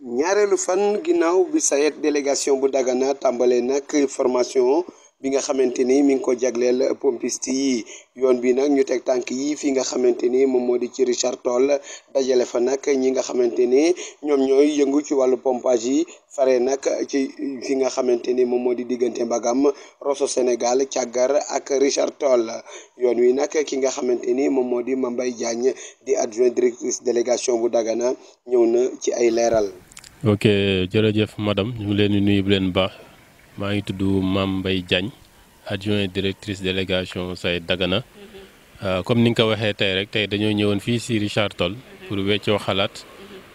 ñaareelu fan ginnaaw bi SAED délégation bu Dagana tàmbalee nag formation bi nga xamante ni mi ngi ko jagleel pompiste yi yoon bi nag ñu teg tànk yi fi nga xamante ni moom moo di ci Richard Toll dajale fa nag ñi nga xamante ni ñoom ñooy yëngu ci wàllu pompage yi fare nag ci fi nga xamante ni moom moo di diggante Mbagam Rosso Sénégal càggar ak Richard Toll yoon wi nag ki nga xamante ni moom moo di Mambay Diagne di adjoint directrice délégation bu Dagana ñëw na ci ay leeral ok jërëjëf madame je ngi leen di nuyu bu leen baax maa ngi tudd adjoint directrice délégation Saïd Dagana euh, comme nous nga ko nous avons rek tey dañoo Richard Toll pour weccoo avec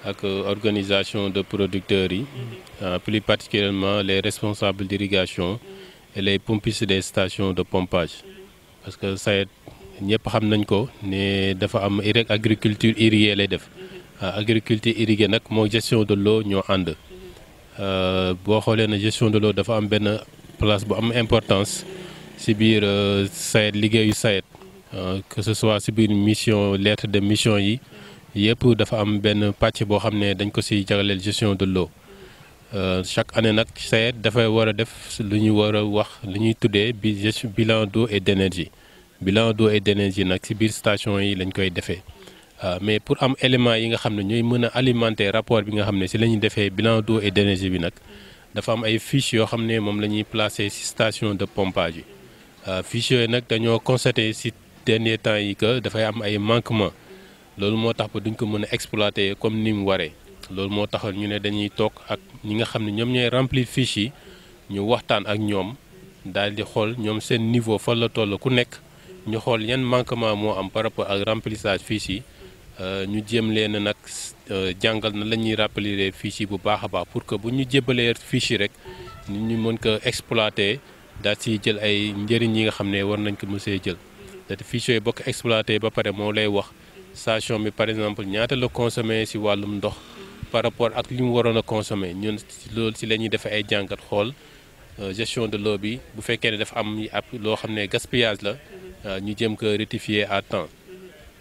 ak organisation de producteurs yi euh, plus particulièrement les responsables d'irrigation et les pompistes des stations de pompage parce que Saïd, ñëpp xam nañ ko dafa am agriculture irriguée euh, agriculture irriguée nak moo gestion de l'eau and euh bo xolé na gestion de l'eau dafa am ben place bu am importance si biir euh, SAED liguey SAED euh, que ce soit ci bir mission lettre de mission yi yëpp dafa am ben patch bo xamné dañ ko ci jagleel gestion de l'eau chaque année nak SAED dafa wara def lu ñu war wax lu ñuy bi bilan d'eau et d'énergie bilan d'eau et d'énergie nak ci bir station yi lañ koy défé euh, mais pour am élément yi nga xamné ñoy mëna alimenter rapport bi nga xamné ci si défé bilan d'eau et d'énergie bi nak dafa am ay fiches yo xamné mom lañuy placer ci station de pompage yi euh, fiches yooyu nag dañoo constater ci dernier temps yi que dafay am ay manquement lolu moo tax ba duñ ko mëna exploiter comme nim waré lolu loolu moo ñu né dañuy tok ak ñi nga xamné ñom ñoy remplir fiche yi ñu waxtaan ak ñom dal di xol ñom sen niveau fa la toll ku nekk ñu xol yan manquement mo am par rapport ak remplissage fiche yi nous devons nous rappeler les fichiers pour que nous devons les fichiers nous devons exploiter les fichiers que nous devons exploiter. Les fichiers sont beaucoup exploités par les mots. Sachant par exemple, nous devons consommer si nous devons par rapport à ce que nous devons consommer. Nous devons faire des fichiers gestion de l'eau, si quelqu'un a un gaspillage, nous euh, devons rectifier à temps.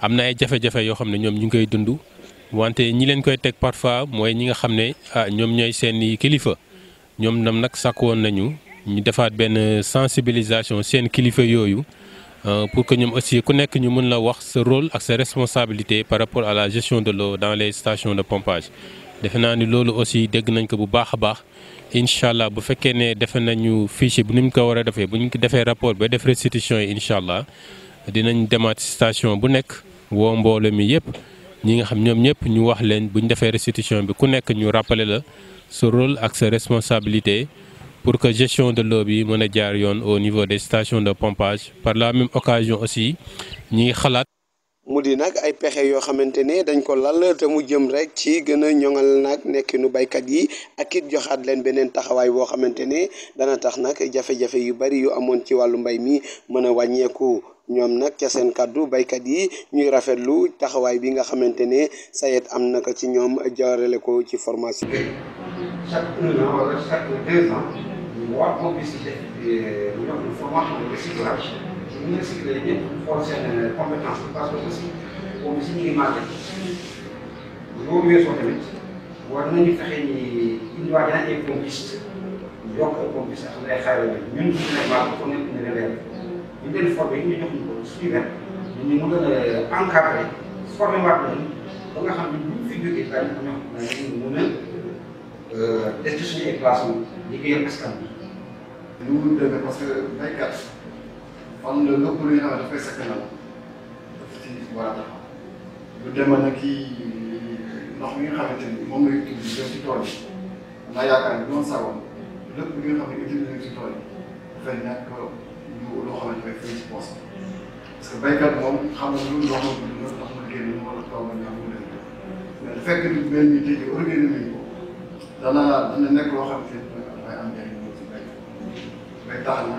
amna ay jafé jafé yo xamné ñom ñu ngi koy dund wante ñi leen koy tek parfois moy ñi nga xamné ñom ah, ñoy ñoom ñooy seeni kilifa ñoom nam nag nañu ñu défaat ben sensibilisation seen kilifa yoyu, euh, pour que ñom aussi ku nekk ñu mëna la wax ce rôle ak sa responsabilité par rapport à la gestion de l'eau dans les stations de pompage defe naa ni aussi dégg nañ ko bu baax a baax incha bu fekkee ne defe nañu fichier bu nim ko wara a defee bu ñu rapport ba def restitution inshallah, incha allah dinañ station bu nekk. Nous avons mi yëpp ñi nga xam ñom ñëpp ñu wax leen buñ défé restitution bi ku ñu rappeler la rôle ak ses responsabilité pour que gestion de l'eau bi jaar au niveau des stations de pompage par la même occasion aussi ñi xalat mu di nag ay pexe yoo xamante ne dañ ko lal te mu jëm rek ci gën a ñoŋal nag nekkinu baykat yi ak it joxaat leen beneen taxawaay boo xamante ne dana tax nag jafe-jafe yu bari yu amoon ci wàllu mbay mi mëna wàññeeku ñoom nag ca seen kàddu baykat yi ñuy rafetlu taxawaay bi nga xamante ne sayet am na ko ci ñoom jaarale ko ci formation ministre yi ñëpp xool seen compétence bi parce que aussi boobu si ñu ngi màggee loolu weesoo tamit war nañu fexe ni indiwaat yeneen ay pompiste yokk ay pompiste ak ay xayma ñun suñu lay baax foofu nekk ñu ne leen ñu leen formé ñu jox ñu ko suñu benn ñu mën a encadré formé waat leen ba nga xam ne buñ fi jógee daañu ko ñoom dañu mën a des ci suñu ay classement liggéeyal askan bi. ñu mën a Pan lëkku li nga xam ne dafay sakkanal daf ci war a taxaw lu demal na kii ndox mi nga xamante ni moom lay utilisé ci tool yi naa yaakaar ni doon sagoon lépp li nga xam ne utilisé nañ ci tool yi dafay nekk lu loo xam ne dafay fay ci poos parce que béykat moom xam nga lu loo xam ne ndax mu génn wala tool nga mu leen mais bu fekkee ni mel ni tey organisé ko dana dana nekk loo xam ne dafay am njëriñ ci béykat bay tax na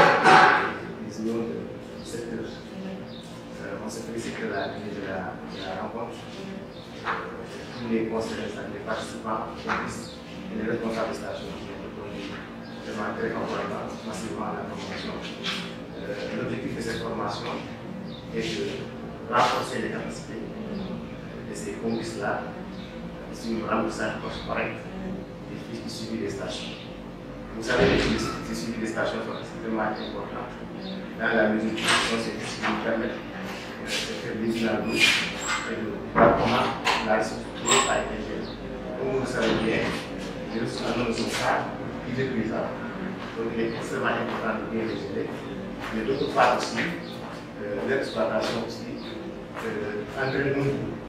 se félicite de la de la, de la rencontre. Euh, tous les conseillers, les participants, les responsables de station qui ont répondu vraiment très favorablement, massivement à la formation. Euh, l'objectif de cette formation est de renforcer les capacités de ces complices-là sur une rembourse correct. des fils qui suivre les stations. Vous savez, les fils qui suivent les stations sont extrêmement importants dans la mesure où sont ceux qui nous permettent Efebrizi nan moun, fèdou. Koma, la iso, kou yon fay de gen. Ou sa yon gen, jous nan moun son fay, ki de kweza. Kou gen, semane, kou tan de gen, de do to fay de si, de ekspatasyon de si, de antre moun kou.